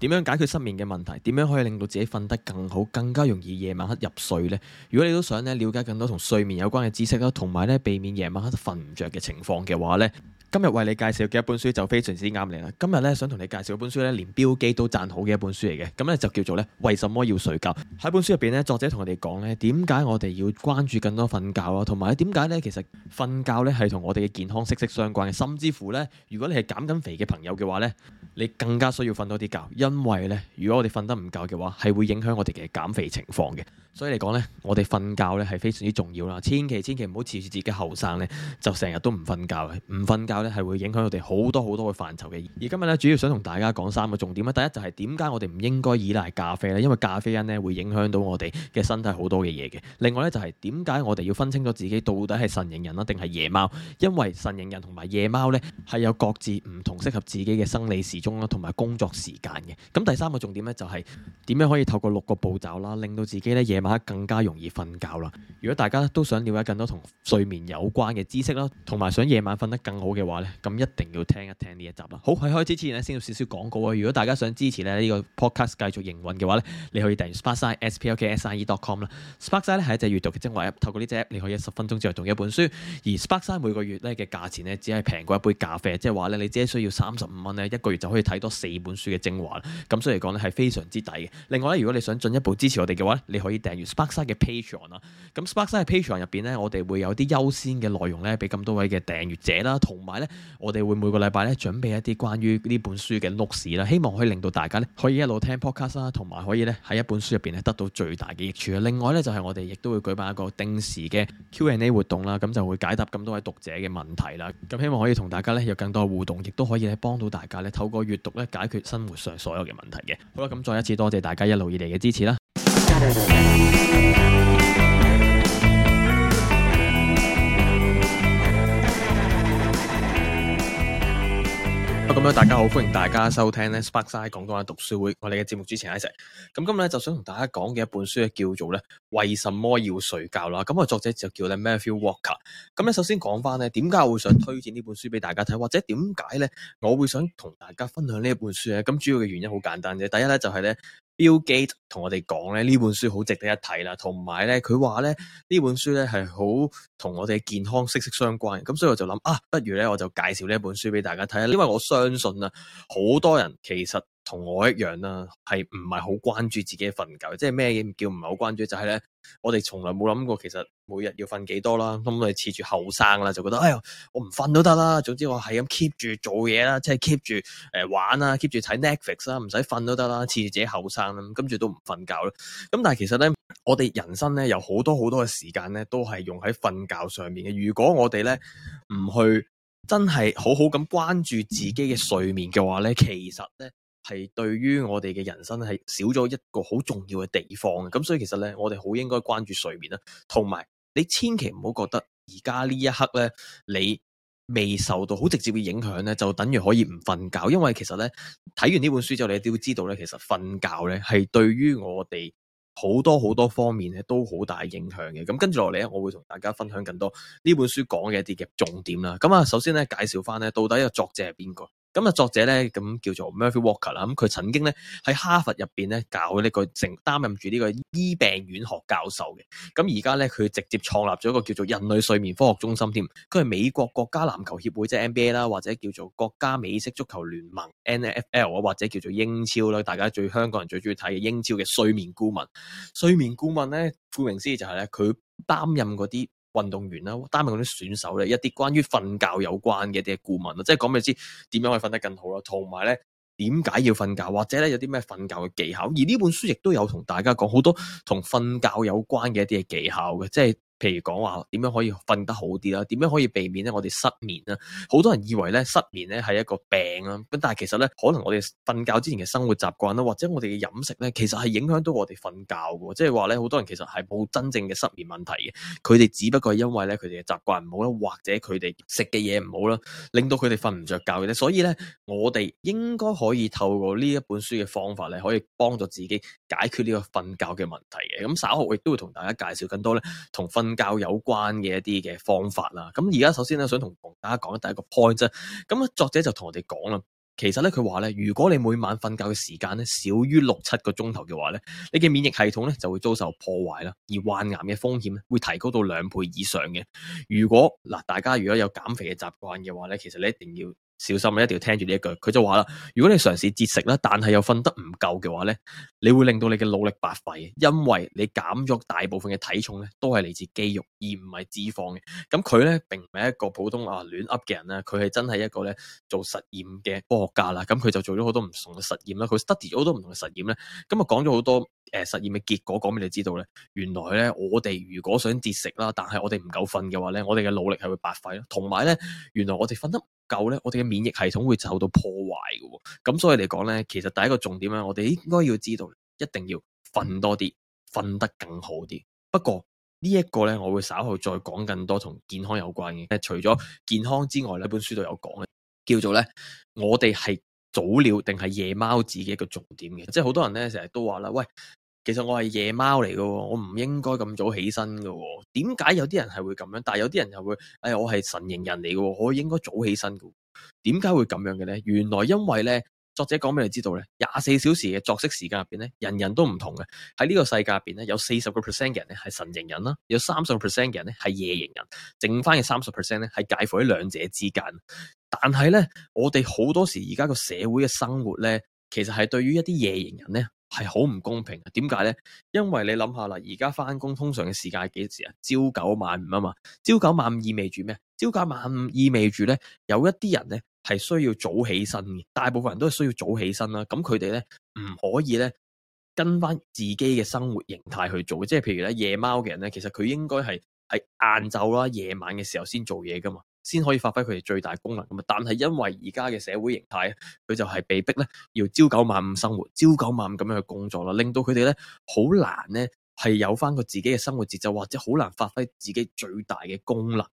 點樣解決失眠嘅問題？點樣可以令到自己瞓得更好、更加容易夜晚黑入睡呢？如果你都想咧了解更多同睡眠有關嘅知識啦，同埋咧避免夜晚黑瞓唔着嘅情況嘅話呢，今日為你介紹嘅一本書就非常之啱你啦。今日呢，想同你介紹嘅本書呢連標機都讚好嘅一本書嚟嘅，咁呢，就叫做咧，為什麼要睡覺？喺本書入邊呢，作者同我哋講呢，點解我哋要關注更多瞓覺啊？同埋咧，點解呢？其實瞓覺呢係同我哋嘅健康息息相關嘅，甚至乎呢，如果你係減緊肥嘅朋友嘅話呢，你更加需要瞓多啲覺。因為咧，如果我哋瞓得唔夠嘅話，係會影響我哋嘅減肥情況嘅。所以嚟講咧，我哋瞓覺咧係非常之重要啦，千祈千祈唔好恃住自己後生咧，就成日都唔瞓覺嘅，唔瞓覺咧係會影響我哋好多好多嘅範疇嘅。而今日咧，主要想同大家講三個重點啊。第一就係點解我哋唔應該依賴咖啡咧？因為咖啡因咧會影響到我哋嘅身體好多嘅嘢嘅。另外咧就係點解我哋要分清楚自己到底係晨型人啦、啊，定係夜貓？因為晨型人同埋夜貓咧係有各自唔同適合自己嘅生理時鐘啦、啊，同埋工作時間嘅。咁第三個重點咧就係、是、點樣可以透過六個步驟啦、啊，令到自己咧夜晚更加容易瞓覺啦。如果大家都想了解更多同睡眠有關嘅知識啦，同埋想夜晚瞓得更好嘅話咧，咁一定要聽一聽呢一集啦。好，喺開始之前咧，先要少少廣告喎。如果大家想支持咧呢個 podcast 繼續營運嘅話咧，你可以訂閱 Sparkside s p o k s i e dot com 啦。Sparkside 咧係一隻閲讀嘅精華 app，透過呢隻 app 你可以十分鐘之內讀一本書，而 Sparkside 每個月嘅價錢咧只係平過一杯咖啡，即係話咧你只需要三十五蚊咧一個月就可以睇多四本書嘅精華啦。咁所以嚟講咧係非常之抵嘅。另外咧，如果你想進一步支持我哋嘅話，你可以訂。例如 Sparkside 嘅 Patreon 啦，咁 Sparkside 嘅 Patreon 入邊咧，我哋會有啲優先嘅內容咧，俾咁多位嘅訂閱者啦，同埋咧，我哋會每個禮拜咧準備一啲關於呢本書嘅 notes 啦，希望可以令到大家咧可以一路聽 podcast 啦，同埋可以咧喺一本書入邊咧得到最大嘅益處。另外咧就係、是、我哋亦都會舉辦一個定時嘅 Q&A 活動啦，咁就會解答咁多位讀者嘅問題啦，咁希望可以同大家咧有更多互動，亦都可以咧幫到大家咧透過閱讀咧解決生活上所有嘅問題嘅。好啦，咁再一次多謝大家一路以嚟嘅支持啦！咁咧，大家好，歡迎大家收聽咧 Sparkside 廣東話讀書會，我哋嘅節目主持人喺一齊。咁今日咧，就想同大家講嘅一本書咧，叫做咧《為什麼要睡覺》啦。咁啊，作者就叫咧 Matthew Walker。咁咧，首先講翻咧，點解我會想推薦呢本書俾大家睇，或者點解咧，我會想同大家分享呢一本書咧？咁主要嘅原因好簡單啫，第一咧就係咧。Bill Gates 同我哋講咧，呢本書好值得一睇啦，同埋咧佢話咧呢本書咧係好同我哋嘅健康息息相關，咁所以我就諗啊，不如咧我就介紹呢本書俾大家睇啦，因為我相信啊，好多人其實，同我一樣啦，係唔係好關注自己瞓覺？即係咩嘢叫唔係好關注？就係咧，我哋從來冇諗過其實每日要瞓幾多啦。咁我哋恃住後生啦，就覺得哎呀，我唔瞓都得啦。總之我係咁 keep 住做嘢啦，即係 keep 住誒玩啦，keep 住睇 Netflix 啦，唔使瞓都得啦，恃住自己後生啦，跟住都唔瞓覺啦。咁但係其實咧，我哋人生咧有好多好多嘅時間咧，都係用喺瞓覺上面嘅。如果我哋咧唔去真係好好咁關注自己嘅睡眠嘅話咧，其實咧～係對於我哋嘅人生係少咗一個好重要嘅地方嘅，咁所以其實咧，我哋好應該關注睡眠啦，同埋你千祈唔好覺得而家呢一刻咧，你未受到好直接嘅影響咧，就等於可以唔瞓覺，因為其實咧睇完呢本書之後，你都會知道咧，其實瞓覺咧係對於我哋好多好多方面咧都好大影響嘅。咁跟住落嚟咧，我會同大家分享更多呢本書講嘅一啲嘅重點啦。咁啊，首先咧介紹翻咧到底一個作者係邊個？咁啊，作者咧咁叫做 Murphy Walker 啦，咁佢曾經咧喺哈佛入邊咧搞呢個成擔任住呢個醫病院學教授嘅，咁而家咧佢直接創立咗一個叫做人類睡眠科學中心添，佢係美國國家籃球協會即係 NBA 啦，或者叫做國家美式足球聯盟 NFL 啊，FL, 或者叫做英超啦，大家最香港人最中意睇嘅英超嘅睡眠顧問，睡眠顧問咧顧名思義就係咧佢擔任嗰啲。運動員啦，擔任嗰啲選手咧，一啲關於瞓覺有關嘅一啲顧問咯，即係講俾你知點樣可以瞓得更好咯，同埋咧點解要瞓覺，或者咧有啲咩瞓覺嘅技巧，而呢本書亦都有同大家講好多同瞓覺有關嘅一啲嘅技巧嘅，即係。譬如講話點樣可以瞓得好啲啦，點樣可以避免咧我哋失眠啦？好多人以為咧失眠咧係一個病啦，咁但係其實咧可能我哋瞓覺之前嘅生活習慣啦，或者我哋嘅飲食咧，其實係影響到我哋瞓覺嘅，即係話咧好多人其實係冇真正嘅失眠問題嘅，佢哋只不過係因為咧佢哋嘅習慣唔好啦，或者佢哋食嘅嘢唔好啦，令到佢哋瞓唔着覺嘅。所以咧我哋應該可以透過呢一本書嘅方法咧，可以幫助自己解決呢個瞓覺嘅問題嘅。咁稍後亦都會同大家介紹更多咧同瞓。瞓覺有關嘅一啲嘅方法啦，咁而家首先咧想同大家講第一個 point 啫，咁啊作者就同我哋講啦，其實咧佢話咧，如果你每晚瞓覺嘅時間咧少於六七個鐘頭嘅話咧，你嘅免疫系統咧就會遭受破壞啦，而患癌嘅風險咧會提高到兩倍以上嘅。如果嗱大家如果有減肥嘅習慣嘅話咧，其實你一定要。小心咧，一定要聽住呢一句。佢就話啦，如果你嘗試節食啦，但係又瞓得唔夠嘅話咧，你會令到你嘅努力白費，因為你減咗大部分嘅體重咧，都係嚟自肌肉而唔係脂肪嘅。咁佢咧，並唔係一個普通啊亂 up 嘅人啦，佢係真係一個咧做實驗嘅科學家啦。咁佢就做咗好多唔同嘅實驗啦，佢 study 咗好多唔同嘅實驗咧，咁就講咗好多誒、呃、實驗嘅結果，講俾你知道咧。原來咧，我哋如果想節食啦，但係我哋唔夠瞓嘅話咧，我哋嘅努力係會白費咯。同埋咧，原來我哋瞓得。夠咧，我哋嘅免疫系統會受到破壞嘅、哦，咁所以嚟講咧，其實第一個重點咧，我哋應該要知道，一定要瞓多啲，瞓得更好啲。不過、這個、呢一個咧，我會稍後再講更多同健康有關嘅。除咗健康之外，呢本書都有講嘅，叫做咧，我哋係早鳥定係夜貓子嘅一個重點嘅，即係好多人咧成日都話啦，喂。其實我係夜貓嚟噶，我唔應該咁早起身噶。點解有啲人係會咁樣？但係有啲人又會，誒、哎，我係晨型人嚟噶，我應該早起身噶。點解會咁樣嘅咧？原來因為咧，作者講俾你知道咧，廿四小時嘅作息時間入邊咧，人人都唔同嘅。喺呢個世界入邊咧，有四十個 percent 嘅人係晨型人啦，有三十個 percent 嘅人咧係夜型人，剩翻嘅三十 percent 咧係介乎喺兩者之間。但係咧，我哋好多時而家個社會嘅生活咧，其實係對於一啲夜型人咧。係好唔公平啊。點解咧？因為你諗下啦，而家翻工通常嘅時間係幾時啊？朝九晚五啊嘛，朝九晚五意味住咩？朝九晚五意味住咧，有一啲人咧係需要早起身嘅，大部分人都係需要早起身啦。咁佢哋咧唔可以咧跟翻自己嘅生活形態去做，即係譬如咧夜貓嘅人咧，其實佢應該係係晏晝啦、夜晚嘅時候先做嘢噶嘛，先可以發揮佢哋最大功能咁啊！但係因為而家嘅社會形態咧，佢就係被逼咧要朝九晚五生活，朝九晚五咁樣去工作啦，令到佢哋咧好難咧。係有翻個自己嘅生活節奏，或者好難發揮自己最大嘅功能嘅。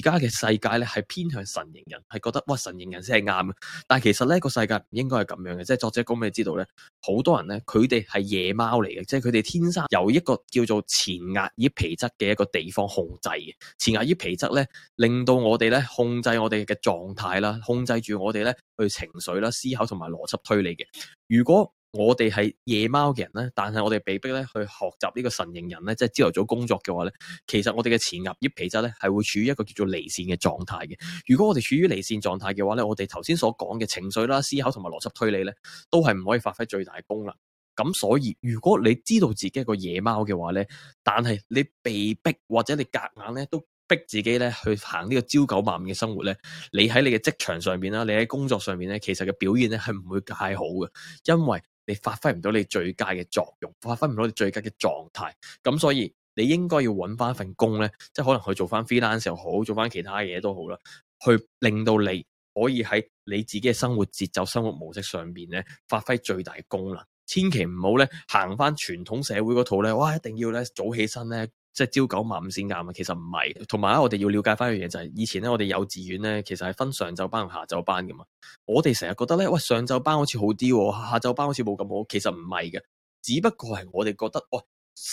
而家嘅世界呢係偏向神形人，係覺得哇，神形人先係啱嘅。但其實呢個世界唔應該係咁樣嘅。即係作者講俾你知道呢，好多人呢，佢哋係夜貓嚟嘅，即係佢哋天生由一個叫做前額葉皮質嘅一個地方控制嘅。前額葉皮質呢，令到我哋呢控制我哋嘅狀態啦，控制住我哋呢去情緒啦、思考同埋邏輯推理嘅。如果我哋係夜貓嘅人咧，但係我哋被逼咧去學習呢個晨型人咧，即係朝頭早工作嘅話咧，其實我哋嘅前額葉皮質咧係會處於一個叫做離線嘅狀態嘅。如果我哋處於離線狀態嘅話咧，我哋頭先所講嘅情緒啦、思考同埋邏輯推理咧，都係唔可以發揮最大嘅功能。咁所以，如果你知道自己係個夜貓嘅話咧，但係你被逼或者你夾硬咧都逼自己咧去行呢個朝九晚五嘅生活咧，你喺你嘅職場上邊啦，你喺工作上面咧，其實嘅表現咧係唔會太好嘅，因為。你發揮唔到你最佳嘅作用，發揮唔到你最佳嘅狀態，咁所以你應該要揾翻份工呢，即可能去做翻 freelance 又好，做翻其他嘢都好啦，去令到你可以喺你自己嘅生活節奏、生活模式上面呢發揮最大功能，千祈唔好呢行翻傳統社會嗰套呢，哇，一定要呢早起身呢。即朝九晚五先啱啊！其實唔係，同埋我哋要了解翻樣嘢就係、是，以前咧，我哋幼稚園咧，其實係分上晝班同下晝班㗎嘛。我哋成日覺得咧，喂，上晝班好似好啲、哦，下晝班好似冇咁好。其實唔係嘅，只不過係我哋覺得，喂、哎，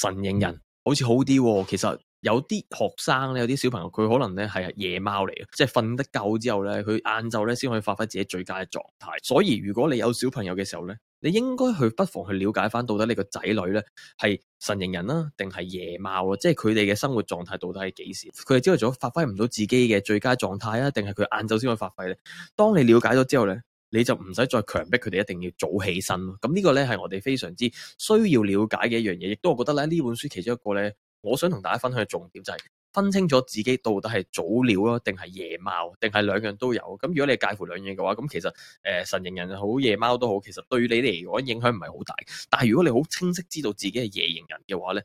晨型人好似好啲、哦。其實有啲學生咧，有啲小朋友佢可能咧係夜貓嚟嘅，即係瞓得夠之後咧，佢晏晝咧先可以發揮自己最佳嘅狀態。所以如果你有小朋友嘅時候咧，你應該去不妨去了解翻，到底你個仔女咧係晨型人啦、啊，定係夜貓啊？即係佢哋嘅生活狀態到底係幾時？佢哋朝頭早發揮唔到自己嘅最佳狀態啊，定係佢晏晝先可以發揮咧？當你了解咗之後咧，你就唔使再強迫佢哋一定要早起身咯。咁、嗯，這個、呢個咧係我哋非常之需要了解嘅一樣嘢，亦都我覺得咧呢本書其中一個咧，我想同大家分享嘅重點就係、是。分清楚自己到底係早鳥咯，定係夜貓，定係兩樣都有。咁如果你介乎兩樣嘅話，咁其實誒、呃、神形人好夜貓都好，其實對你嚟講影響唔係好大。但係如果你好清晰知道自己係夜型人嘅話咧，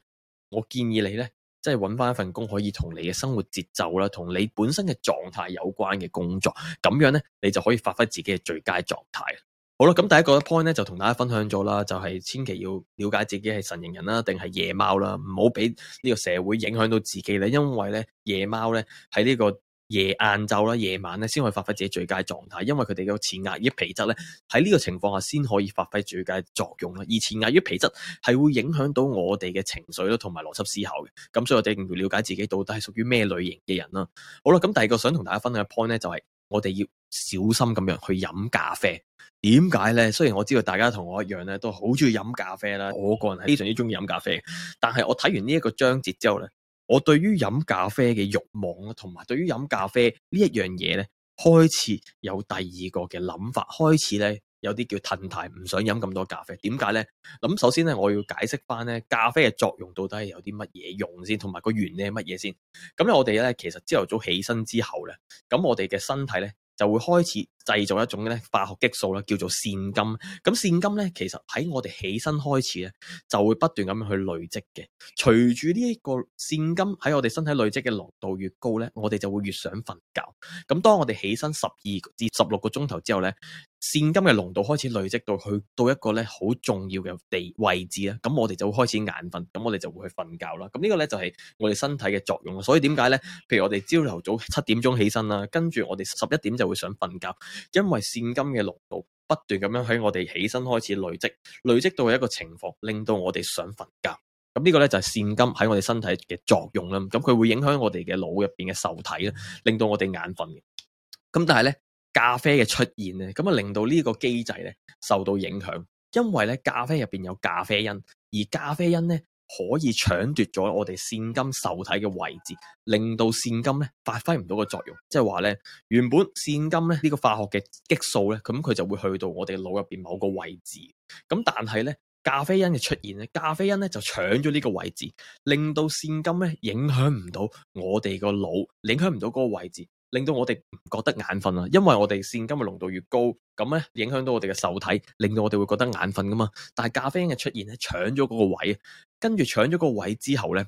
我建議你咧，即係揾返一份工可以同你嘅生活節奏啦，同你本身嘅狀態有關嘅工作，咁樣咧，你就可以發揮自己嘅最佳狀態。好啦，咁第一個 point 咧就同大家分享咗啦，就係千祈要了解自己係晨型人啦，定係夜貓啦，唔好俾呢個社會影響到自己咧，因為咧夜貓咧喺呢個夜晏晝啦、夜晚咧先可以發揮自己最佳狀態，因為佢哋嘅前額葉皮質咧喺呢個情況下先可以發揮最佳作用啦。而前額葉皮質係會影響到我哋嘅情緒咯，同埋邏輯思考嘅。咁所以我哋要了解自己到底係屬於咩類型嘅人啦。好啦，咁第二個想同大家分享嘅 point 咧就係。我哋要小心咁樣去飲咖啡，點解咧？雖然我知道大家同我一樣咧，都好中意飲咖啡啦，我個人係非常之中意飲咖啡，但係我睇完呢一個章節之後咧，我對於飲咖啡嘅慾望同埋對於飲咖啡呢一樣嘢咧，開始有第二個嘅諗法，開始咧。有啲叫褪太，唔想飲咁多咖啡。點解呢？咁首先咧，我要解釋翻咧，咖啡嘅作用到底係有啲乜嘢用先，同埋個原理係乜嘢先。咁咧，我哋咧其實朝頭早起身之後咧，咁我哋嘅身體咧就會開始製造一種咧化學激素啦，叫做腺金。咁腺金咧，其實喺我哋起身開始咧，就會不斷咁樣去累積嘅。隨住呢一個腺金喺我哋身體累積嘅濃度越高咧，我哋就會越想瞓覺。咁當我哋起身十二至十六個鐘頭之後咧，腺金嘅濃度開始累積到去到一個咧好重要嘅地位置咧，咁我哋就會開始眼瞓，咁我哋就會去瞓覺啦。咁呢個咧就係我哋身體嘅作用啦。所以點解咧？譬如我哋朝頭早七點鐘起身啦，跟住我哋十一點就會想瞓覺，因為腺金嘅濃度不斷咁樣喺我哋起身開始累積，累積到一個情況，令到我哋想瞓覺。咁呢個咧就係腺金喺我哋身體嘅作用啦。咁佢會影響我哋嘅腦入邊嘅受體啦，令到我哋眼瞓嘅。咁但係咧。咖啡嘅出現咧，咁啊令到呢個機制咧受到影響，因為咧咖啡入邊有咖啡因，而咖啡因咧可以搶奪咗我哋腺苷受體嘅位置，令到腺苷咧發揮唔到個作用。即係話咧，原本腺苷咧呢個化學嘅激素咧，咁佢就會去到我哋腦入邊某個位置。咁但係咧，咖啡因嘅出現咧，咖啡因咧就搶咗呢個位置，令到腺苷咧影響唔到我哋個腦，影響唔到嗰個位置。令到我哋唔覺得眼瞓啊，因為我哋腺苷嘅濃度越高，咁咧影響到我哋嘅受體，令到我哋會覺得眼瞓噶嘛。但係咖啡因嘅出現咧，搶咗嗰個位，跟住搶咗嗰個位之後咧，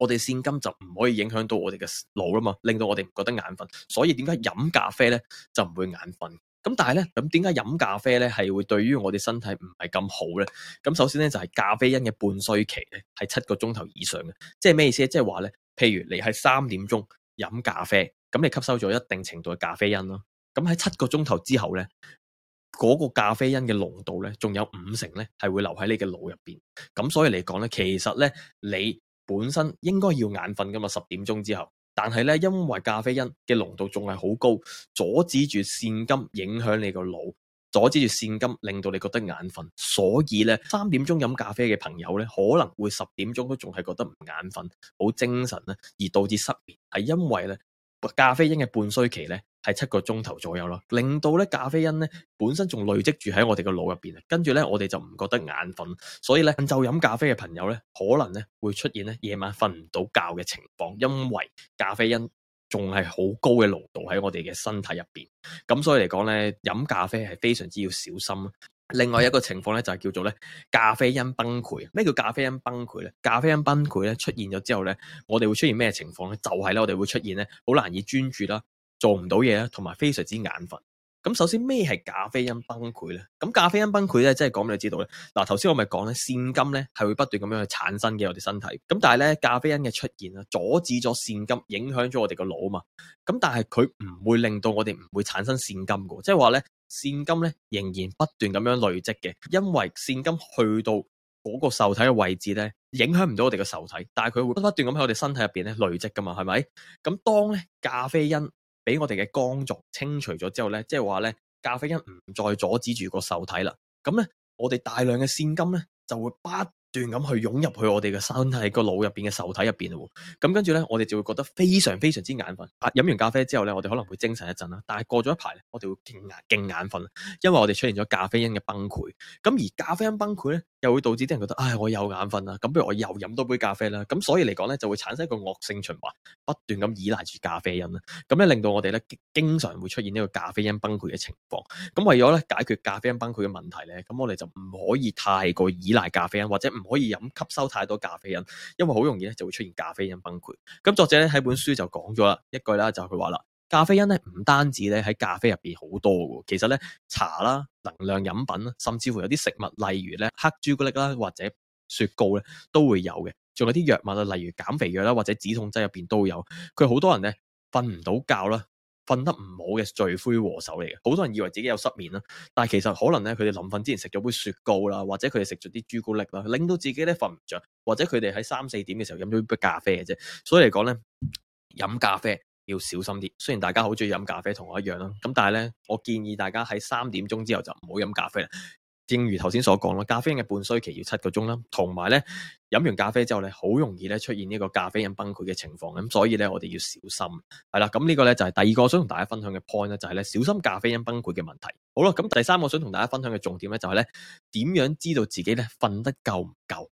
我哋腺苷就唔可以影響到我哋嘅腦啦嘛，令到我哋唔覺得眼瞓。所以點解飲咖啡咧就唔會眼瞓？咁但係咧，咁點解飲咖啡咧係會對於我哋身體唔係咁好咧？咁首先咧就係、是、咖啡因嘅半衰期咧係七個鐘頭以上嘅，即係咩意思？即係話咧，譬如你喺三點鐘飲咖啡。咁你吸收咗一定程度嘅咖啡因咯。咁喺七個鐘頭之後咧，嗰、那個咖啡因嘅濃度咧，仲有五成咧係會留喺你嘅腦入邊。咁所以嚟講咧，其實咧你本身應該要眼瞓噶嘛。十點鐘之後，但係咧因為咖啡因嘅濃度仲係好高，阻止住腺苷影響你個腦，阻止住腺苷令到你覺得眼瞓。所以咧三點鐘飲咖啡嘅朋友咧，可能會十點鐘都仲係覺得唔眼瞓，好精神咧，而導致失眠係因為咧。咖啡因嘅半衰期呢係七個鐘頭左右咯，令到呢咖啡因呢本身仲累積住喺我哋嘅腦入邊，跟住呢我哋就唔覺得眼瞓，所以呢，就飲咖啡嘅朋友呢，可能呢會出現呢夜晚瞓唔到覺嘅情況，因為咖啡因仲係好高嘅濃度喺我哋嘅身體入邊，咁所以嚟講呢，飲咖啡係非常之要小心。另外一個情況咧就係叫做咧咖啡因崩潰。咩叫咖啡因崩潰咧？咖啡因崩潰咧出現咗之後咧，我哋會出現咩情況咧？就係咧我哋會出現咧好難以專注啦，做唔到嘢啦，同埋非常之眼瞓。咁首先咩係咖啡因崩潰咧？咁咖啡因崩潰咧，即係講俾你知道咧。嗱，頭先我咪講咧，腺金咧係會不斷咁樣去產生嘅，我哋身體。咁但係咧，咖啡因嘅出現啊，阻止咗腺金，影響咗我哋個腦啊嘛。咁但係佢唔會令到我哋唔會產生腺金噶，即係話咧。腺苷咧仍然不斷咁樣累積嘅，因為腺苷去到嗰個受體嘅位置咧，影響唔到我哋嘅受體，但係佢會不斷咁喺我哋身體入邊咧累積噶嘛，係咪？咁、嗯、當咧咖啡因俾我哋嘅肝臟清除咗之後咧，即係話咧咖啡因唔再阻止住個受體啦，咁咧我哋大量嘅腺苷咧就會不。斷咁去湧入去我哋嘅身體個腦入邊嘅受體入邊，咁跟住咧，我哋就會覺得非常非常之眼瞓。飲完咖啡之後咧，我哋可能會精神一陣啦，但係過咗一排咧，我哋會勁眼勁眼瞓，因為我哋出現咗咖啡因嘅崩潰。咁而咖啡因崩潰咧。就會導致啲人覺得，唉，我又眼瞓啦，咁不如我又飲多杯咖啡啦，咁所以嚟講咧，就會產生一個惡性循環，不斷咁依賴住咖啡因啦，咁咧令到我哋咧經常會出現呢個咖啡因崩潰嘅情況，咁為咗咧解決咖啡因崩潰嘅問題咧，咁我哋就唔可以太過依賴咖啡因，或者唔可以飲吸收太多咖啡因，因為好容易咧就會出現咖啡因崩潰。咁作者咧喺本書就講咗啦一句啦，就係佢話啦。咖啡因咧唔單止咧喺咖啡入邊好多嘅，其實咧茶啦、能量飲品啦，甚至乎有啲食物，例如咧黑朱古力啦或者雪糕咧都會有嘅。仲有啲藥物啊，例如減肥藥啦或者止痛劑入邊都有。佢好多人咧瞓唔到覺啦，瞓得唔好嘅罪魁禍首嚟嘅。好多人以為自己有失眠啦，但係其實可能咧佢哋臨瞓之前食咗杯雪糕啦，或者佢哋食咗啲朱古力啦，令到自己咧瞓唔着，或者佢哋喺三四點嘅時候飲咗杯咖啡嘅啫。所以嚟講咧，飲咖啡，要小心啲，雖然大家好中意飲咖啡，同我一樣啦。咁但係咧，我建議大家喺三點鐘之後就唔好飲咖啡啦。正如頭先所講咯，咖啡因嘅半衰期要七個鐘啦，同埋咧飲完咖啡之後咧，好容易咧出現呢個咖啡因崩潰嘅情況咁，所以咧我哋要小心係啦。咁呢個咧就係第二個想同大家分享嘅 point 咧，就係咧小心咖啡因崩潰嘅問題。好啦，咁第三個想同大家分享嘅重點咧，就係咧點樣知道自己咧瞓得夠唔夠。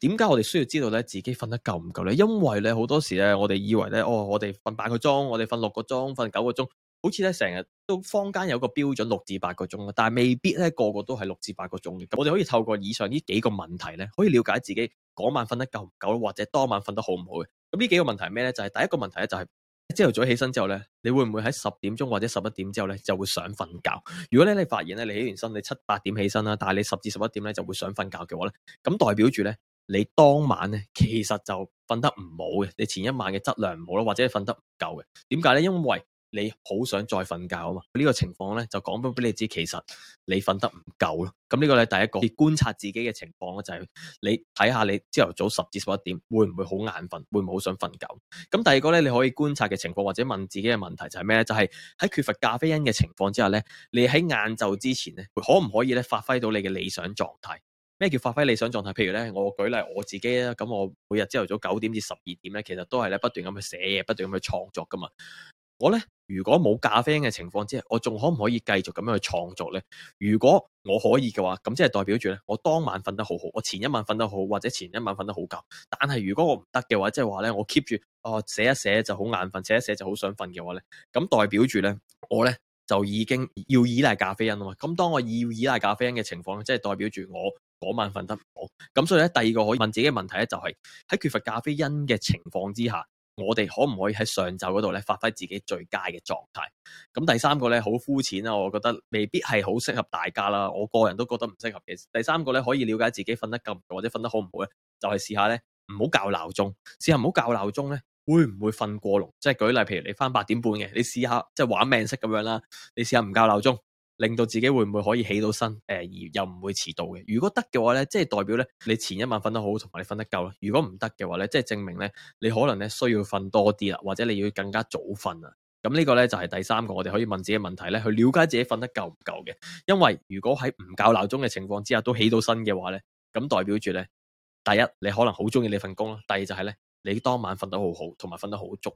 點解我哋需要知道咧自己瞓得夠唔夠咧？因為咧好多時咧，我哋以為咧，哦，我哋瞓八個鐘，我哋瞓六個鐘，瞓九個鐘，好似咧成日都坊間有個標準六至八個鐘啊。但係未必咧個個都係六至八個鐘嘅。我哋可以透過以上呢幾個問題咧，可以了解自己嗰晚瞓得夠唔夠，或者當晚瞓得好唔好嘅。咁呢幾個問題係咩咧？就係第一個問題咧，就係朝頭早起身之後咧，你會唔會喺十點鐘或者十一點之後咧，就會想瞓覺？如果咧你，你發現咧，你起完身你七八點起身啦，但係你十至十一點咧就會想瞓覺嘅話咧，咁代表住咧。你當晚咧，其實就瞓得唔好嘅，你前一晚嘅質量唔好咯，或者係瞓得唔夠嘅。點解咧？因為你好想再瞓覺啊嘛。呢、這個情況咧，就講翻俾你知，其實你瞓得唔夠咯。咁呢個咧，第一個，你觀察自己嘅情況咧、就是，就係你睇下你朝頭早十至十一點會唔會好眼瞓，會唔會好想瞓覺？咁第二個咧，你可以觀察嘅情況或者問自己嘅問題就係咩咧？就係、是、喺缺乏咖啡因嘅情況之下咧，你喺晏晝之前咧，可唔可以咧發揮到你嘅理想狀態？咩叫發揮理想狀態？譬如咧，我舉例我自己啦，咁我每日朝頭早九點至十二點咧，其實都係咧不斷咁去寫嘢，不斷咁去創作噶嘛。我咧如果冇咖啡因嘅情況之下，我仲可唔可以繼續咁樣去創作咧？如果我可以嘅話，咁即係代表住咧，我當晚瞓得好好，我前一晚瞓得好，或者前一晚瞓得好覺。但係如果我唔得嘅話，即係話咧，我 keep 住哦寫一寫就好眼瞓，寫一寫就好想瞓嘅話咧，咁代表住咧，我咧就已經要依賴咖啡因啊嘛。咁當我要依賴咖啡因嘅情況咧，即係代表住我。嗰晚瞓得唔好，咁所以咧，第二個可以問自己嘅問題咧，就係喺缺乏咖啡因嘅情況之下，我哋可唔可以喺上晝嗰度咧發揮自己最佳嘅狀態？咁第三個咧，好膚淺啦，我覺得未必係好適合大家啦。我個人都覺得唔適合嘅。第三個咧，可以了解自己瞓得夠唔夠或者瞓得好唔好咧，就係試下咧唔好較鬧鐘，試下唔好較鬧鐘咧，會唔會瞓過龍？即係舉例，譬如你返八點半嘅，你試下即係玩命式咁樣啦，你試下唔較鬧鐘。令到自己會唔會可以起到身？誒、呃，而又唔會遲到嘅。如果得嘅話咧，即係代表咧，你前一晚瞓得好，同埋你瞓得夠咯。如果唔得嘅話咧，即係證明咧，你可能咧需要瞓多啲啦，或者你要更加早瞓啊。咁呢個咧就係、是、第三個我哋可以問自己問題咧，去了解自己瞓得夠唔夠嘅。因為如果喺唔校鬧鐘嘅情況之下都起到身嘅話咧，咁代表住咧，第一你可能好中意你份工啦，第二就係咧你當晚瞓得好好，同埋瞓得好足。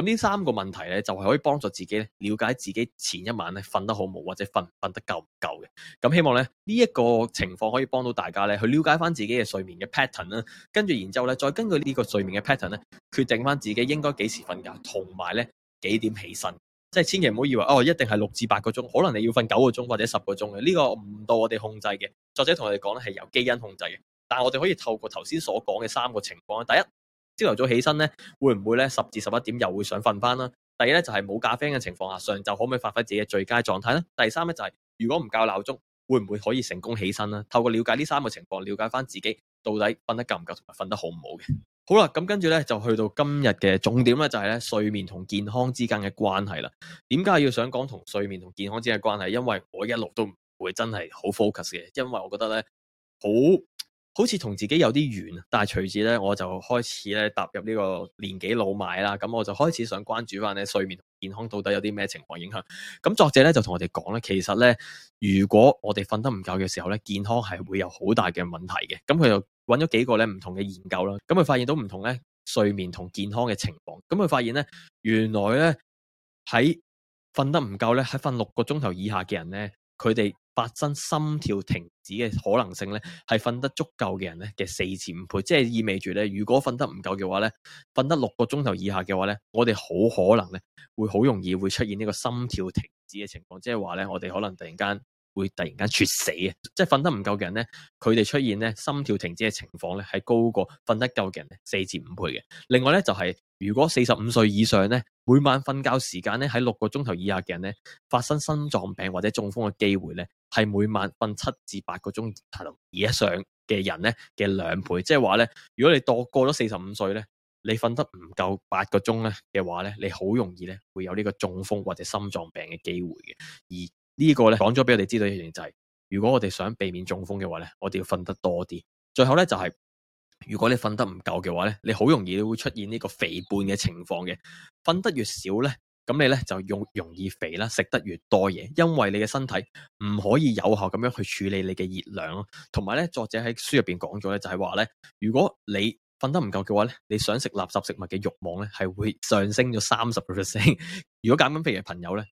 咁呢三個問題咧，就係可以幫助自己咧了解自己前一晚咧瞓得好冇，或者瞓瞓得夠唔夠嘅。咁希望咧呢一個情況可以幫到大家咧去了解翻自己嘅睡眠嘅 pattern 啦。跟住然之後咧，再根據呢個睡眠嘅 pattern 咧，決定翻自己應該幾時瞓覺，同埋咧幾點起身。即係千祈唔好以為哦，一定係六至八個鐘，可能你要瞓九個鐘或者十個鐘嘅。呢個唔到我哋控制嘅。作者同我哋講咧係由基因控制嘅，但係我哋可以透過頭先所講嘅三個情況。第一。朝頭早起身咧，會唔會咧十至十一點又會想瞓翻啦？第二咧就係冇咖啡因嘅情況下，上晝可唔可以發揮自己嘅最佳狀態咧？第三咧就係如果唔教鬧鐘，會唔會可以成功起身咧？透過了解呢三個情況，了解翻自己到底瞓得夠唔夠同埋瞓得好唔好嘅。好啦，咁跟住咧就去到今日嘅重點咧，就係咧睡眠同健康之間嘅關係啦。點解要想講同睡眠同健康之間嘅關係？因為我一路都唔會真係好 focus 嘅，因為我覺得咧好。好似同自己有啲遠，但係隨住咧，我就開始咧踏入呢個年紀老邁啦，咁、嗯、我就開始想關注翻咧睡眠同健康到底有啲咩情況影響。咁、嗯、作者咧就同我哋講咧，其實咧如果我哋瞓得唔夠嘅時候咧，健康係會有好大嘅問題嘅。咁、嗯、佢就揾咗幾個咧唔同嘅研究啦，咁、嗯、佢發現到唔同咧睡眠同健康嘅情況。咁、嗯、佢發現咧，原來咧喺瞓得唔夠咧，喺瞓六個鐘頭以下嘅人咧。佢哋發生心跳停止嘅可能性呢，係瞓得足夠嘅人咧嘅四至五倍，即係意味住呢，如果瞓得唔夠嘅話呢，瞓得六個鐘頭以下嘅話呢，我哋好可能咧，會好容易會出現呢個心跳停止嘅情況，即係話呢，我哋可能突然間。會突然間猝死嘅，即係瞓得唔夠嘅人咧，佢哋出現咧心跳停止嘅情況咧，係高過瞓得夠嘅人四至五倍嘅。另外咧就係、是、如果四十五歲以上咧，每晚瞓覺時間咧喺六個鐘頭以下嘅人咧，發生心臟病或者中風嘅機會咧，係每晚瞓七至八個鐘以上嘅人咧嘅兩倍。即係話咧，如果你多過咗四十五歲咧，你瞓得唔夠八個鐘咧嘅話咧，你好容易咧會有呢個中風或者心臟病嘅機會嘅，而。呢個咧講咗俾我哋知道一樣就係，如果我哋想避免中風嘅話咧，我哋要瞓得多啲。最後咧就係，如果你瞓得唔夠嘅話咧，你好容易會出現呢個肥胖嘅情況嘅。瞓得越少咧，咁你咧就容容易肥啦。食得越多嘢，因為你嘅身體唔可以有效咁樣去處理你嘅熱量咯。同埋咧，作者喺書入邊講咗咧，就係話咧，如果你瞓得唔夠嘅話咧，你想食垃圾食物嘅欲望咧，係會上升咗三十個 percent。如果減緊肥嘅朋友咧，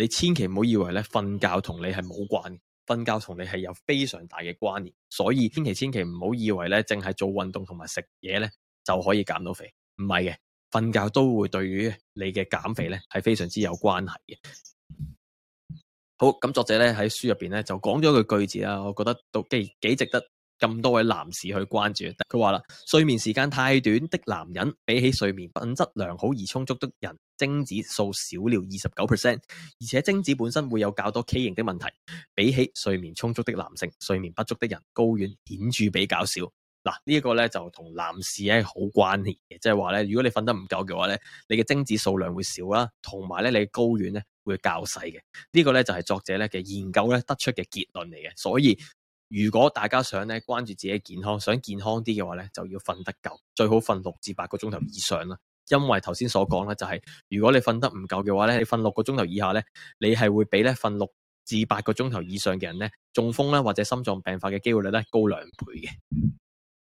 你千祈唔好以為咧，瞓覺同你係冇關嘅，瞓覺同你係有非常大嘅關聯，所以千祈千祈唔好以為咧，淨係做運動同埋食嘢咧就可以減到肥，唔係嘅，瞓覺都會對於你嘅減肥咧係非常之有關係嘅。好，咁作者咧喺書入邊咧就講咗個句子啦，我覺得都幾幾值得。咁多位男士去關注，佢話啦，睡眠時間太短的男人，比起睡眠品質良好而充足的人，精子數少了二十九%，而且精子本身會有較多畸形的問題。比起睡眠充足的男性，睡眠不足的人，睾丸顯著比較少。嗱，這個、呢一個咧就同男士咧好關係嘅，即係話咧，如果你瞓得唔夠嘅話咧，你嘅精子數量會少啦，同埋咧你睾丸咧會較細嘅。這個、呢個咧就係、是、作者咧嘅研究咧得出嘅結論嚟嘅，所以。如果大家想咧關注自己嘅健康，想健康啲嘅話咧，就要瞓得夠，最好瞓六至八個鐘頭以上啦。因為頭先所講咧、就是，就係如果你瞓得唔夠嘅話咧，你瞓六個鐘頭以下咧，你係會比咧瞓六至八個鐘頭以上嘅人咧中風啦，或者心臟病發嘅機會率咧高兩倍嘅。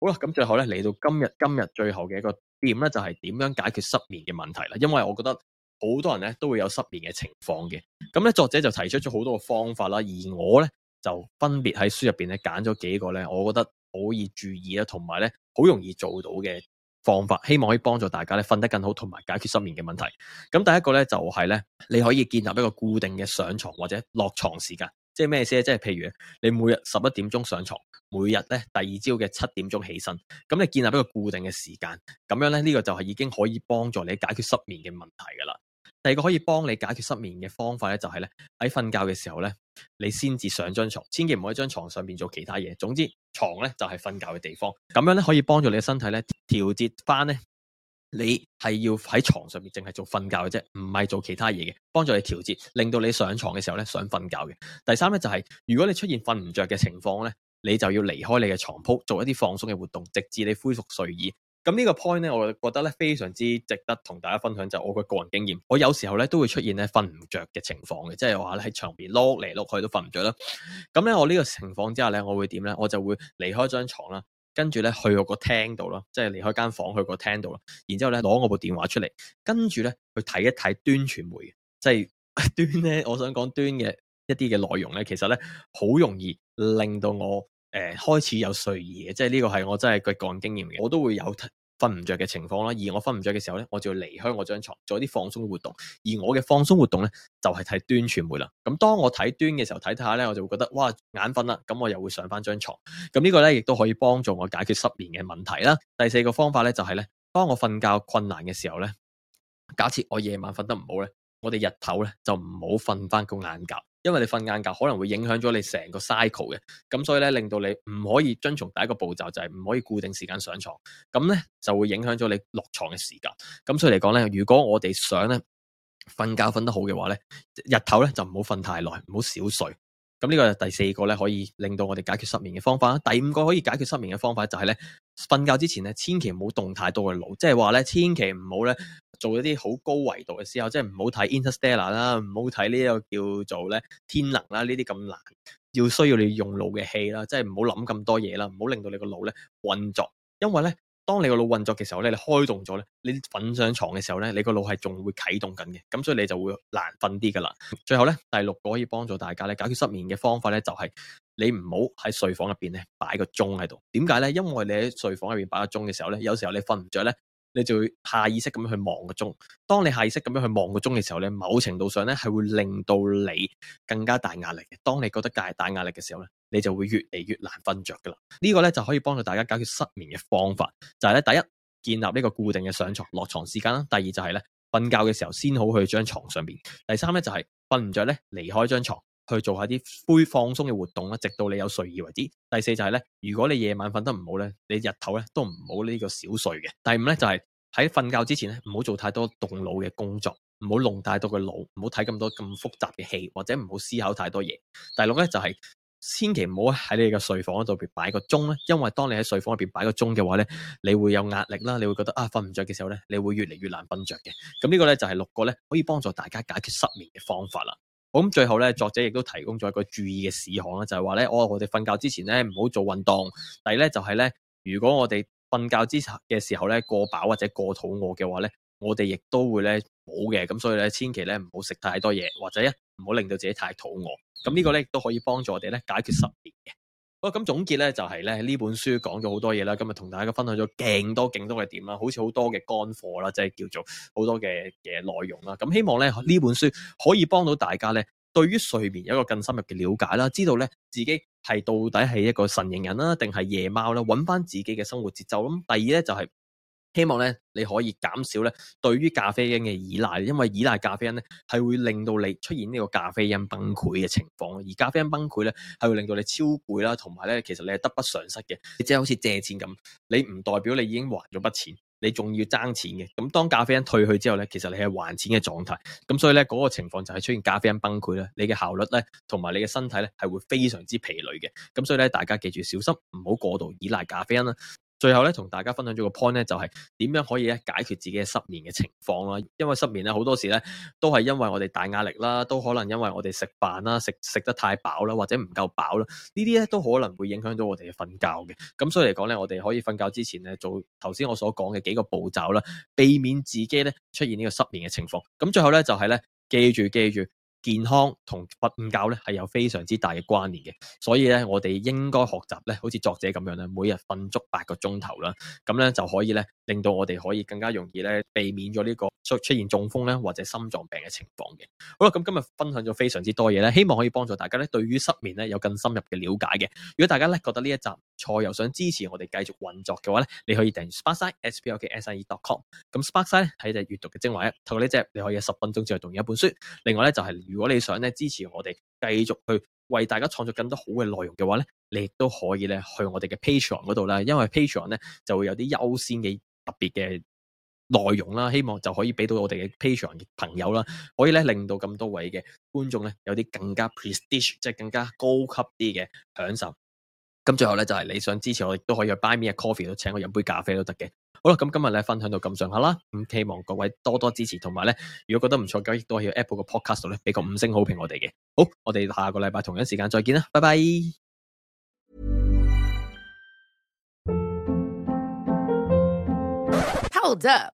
好啦，咁、嗯、最後咧嚟到今日今日最後嘅一個點咧，就係、是、點樣解決失眠嘅問題啦。因為我覺得好多人咧都會有失眠嘅情況嘅，咁咧作者就提出咗好多嘅方法啦，而我咧，就分別喺書入邊咧揀咗幾個咧，我覺得可以注意呀，同埋咧好容易做到嘅方法，希望可以幫助大家咧瞓得更好，同埋解決失眠嘅問題。咁第一個咧就係咧，你可以建立一個固定嘅上床或者落床時間，即係咩意思？即係譬如你每日十一點鐘上床，每日咧第二朝嘅七點鐘起身，咁你建立一個固定嘅時間，咁樣咧呢個就係已經可以幫助你解決失眠嘅問題噶啦。第二個可以幫你解決失眠嘅方法咧，就係咧，喺瞓覺嘅時候咧，你先至上張床，千祈唔好喺張床上面做其他嘢。總之床咧就係瞓覺嘅地方，咁樣咧可以幫助你嘅身體咧調節翻咧，你係要喺床上面淨係做瞓覺嘅啫，唔係做其他嘢嘅，幫助你調節，令到你上床嘅時候咧想瞓覺嘅。第三咧就係，如果你出現瞓唔着嘅情況咧，你就要離開你嘅床鋪，做一啲放鬆嘅活動，直至你恢復睡意。咁呢個 point 咧，我就覺得咧非常之值得同大家分享，就係我個個人經驗，我有時候咧都會出現咧瞓唔着嘅情況嘅，即係我話咧喺床邊碌嚟碌去都瞓唔着啦。咁咧我呢個情況之下咧，我會點咧？我就會離開張床啦，跟住咧去個廳度啦，即係離開間房去個廳度啦。然之後咧攞我部電話出嚟，跟住咧去睇一睇端傳媒，即係端咧，我想講端嘅一啲嘅內容咧，其實咧好容易令到我。誒、呃，開始有睡意嘅，即係呢個係我真係個人經驗嘅，我都會有瞓唔着嘅情況啦。而我瞓唔着嘅時候咧，我就要離開我張床，做一啲放鬆活動。而我嘅放鬆活動咧，就係、是、睇端傳媒啦。咁當我睇端嘅時候，睇睇下咧，我就會覺得哇眼瞓啦，咁我又會上翻張床。咁呢個咧，亦都可以幫助我解決失眠嘅問題啦。第四個方法咧，就係、是、咧，當我瞓覺困難嘅時候咧，假設我夜晚瞓得唔好咧，我哋日頭咧就唔好瞓翻個晏覺。因為你瞓晏覺可能會影響咗你成個 cycle 嘅，咁所以咧令到你唔可以遵從第一個步驟就係、是、唔可以固定時間上床，咁咧就會影響咗你落床嘅時間。咁所以嚟講咧，如果我哋想咧瞓覺瞓得好嘅話咧，日頭咧就唔好瞓太耐，唔好少睡。咁呢個係第四個咧可以令到我哋解決失眠嘅方法啦。第五個可以解決失眠嘅方法就係咧瞓覺之前咧千祈唔好動太多嘅腦，即係話咧千祈唔好咧。做一啲好高維度嘅時候，即係唔好睇 Interstellar 啦，唔好睇呢一個叫做天能啦，呢啲咁難要需要你用腦嘅戲啦，即係唔好諗咁多嘢啦，唔好令到你個腦咧運作，因為咧當你個腦運作嘅時候咧，你開動咗咧，你瞓上牀嘅時候咧，你個腦係仲會啟動緊嘅，咁所以你就會難瞓啲㗎喇。最後呢，第六個可以幫助大家咧解決失眠嘅方法咧，就係你唔好喺睡房入邊咧擺個鐘喺度。點解呢？因為你喺睡房入面擺個鐘嘅時候呢，有時候你瞓唔着呢。你就會下意識咁樣去望個鐘，當你下意識咁樣去望個鐘嘅時，時候咧，某程度上咧係會令到你更加大壓力嘅。當你覺得更大壓力嘅時候，你就會越嚟越難瞓着噶啦。這個、呢個咧就可以幫助大家解決失眠嘅方法，就係、是、咧第一，建立呢個固定嘅上床落床時間啦；第二就係咧瞓覺嘅時候先好去張床上面；第三咧就係瞓唔着咧離開張床，去做下啲灰放鬆嘅活動啦，直到你有睡意為止。第四就係咧，如果你夜晚瞓得唔好咧，你日頭咧都唔好呢個少睡嘅。第五咧就係喺瞓覺之前咧，唔好做太多動腦嘅工作，唔好弄太多嘅腦，唔好睇咁多咁複雜嘅戲，或者唔好思考太多嘢。第六咧就係千祈唔好喺你嘅睡房度邊擺個鐘咧，因為當你喺睡房入邊擺個鐘嘅話咧，你會有壓力啦，你會覺得啊瞓唔着嘅時候咧，你會越嚟越難瞓着嘅。咁呢個咧就係六個咧可以幫助大家解決失眠嘅方法啦。咁，最後咧，作者亦都提供咗一個注意嘅事項啦，就係話咧，我我哋瞓覺之前咧唔好做運動。第二咧就係咧，如果我哋瞓覺之前嘅時候咧過飽或者過肚餓嘅話咧，我哋亦都會咧冇嘅。咁所以咧，千祈咧唔好食太多嘢，或者咧唔好令到自己太肚餓。咁呢個咧亦都可以幫助我哋咧解決失眠嘅。喂，咁總結咧就係咧呢本書講咗好多嘢啦，今日同大家分享咗勁多勁多嘅點啦，好似好多嘅乾貨啦，即係叫做好多嘅嘢內容啦。咁希望咧呢本書可以幫到大家咧，對於睡眠有一個更深入嘅了解啦，知道咧自己係到底係一個晨型人啦，定係夜貓啦，揾翻自己嘅生活節奏。咁第二咧就係。希望咧，你可以減少咧對於咖啡因嘅依賴，因為依賴咖啡因咧係會令到你出現呢個咖啡因崩潰嘅情況。而咖啡因崩潰咧係會令到你超攰啦，同埋咧其實你係得不償失嘅。即係好似借錢咁，你唔代表你已經還咗筆錢，你仲要爭錢嘅。咁當咖啡因退去之後咧，其實你係還錢嘅狀態。咁所以咧嗰個情況就係出現咖啡因崩潰啦。你嘅效率咧同埋你嘅身體咧係會非常之疲累嘅。咁所以咧大家記住小心，唔好過度依賴咖啡因啦。最後咧，同大家分享咗個 point 咧，就係、是、點樣可以咧解決自己嘅失眠嘅情況啦、啊。因為失眠咧，好多時咧都係因為我哋大壓力啦，都可能因為我哋食飯啦，食食得太飽啦，或者唔夠飽啦，呢啲咧都可能會影響到我哋嘅瞓覺嘅。咁所以嚟講咧，我哋可以瞓覺之前咧做頭先我所講嘅幾個步驟啦，避免自己咧出現呢個失眠嘅情況。咁最後咧就係咧記住記住，記住健康同瞓覺咧係有非常之大嘅關聯嘅，所以咧我哋應該學習咧，好似作者咁樣啦，每日瞓足八個鐘頭啦，咁咧就可以咧令到我哋可以更加容易咧避免咗呢個出出現中風咧或者心臟病嘅情況嘅。好啦，咁今日分享咗非常之多嘢咧，希望可以幫助大家咧對於失眠咧有更深入嘅了解嘅。如果大家咧覺得呢一集錯，又想支持我哋繼續運作嘅話咧，你可以訂閱 SparkSine S P O K S I E dot com。咁 SparkSine 咧係就閱讀嘅精華一，透過呢隻你可以有十分鐘之內讀完一本書。另外咧就係、是。如果你想咧支持我哋，繼續去為大家創作更多好嘅內容嘅話咧，你亦都可以咧去我哋嘅 Patreon 度啦，因為 Patreon 咧就會有啲優先嘅特別嘅內容啦，希望就可以俾到我哋嘅 Patreon 嘅朋友啦，可以咧令到咁多位嘅觀眾咧有啲更加 prestige，即係更加高級啲嘅享受。咁最後咧就係、是、你想支持我，亦都可以去 buy me a coffee 都請我飲杯咖啡都得嘅。好啦，咁今日咧分享到咁上下啦，咁希望各位多多支持，同埋咧，如果覺得唔錯，咁亦都喺 Apple 嘅 Podcast 度咧俾個五星好評我哋嘅。好，我哋下個禮拜同一時間再見啦，拜拜。Hold up。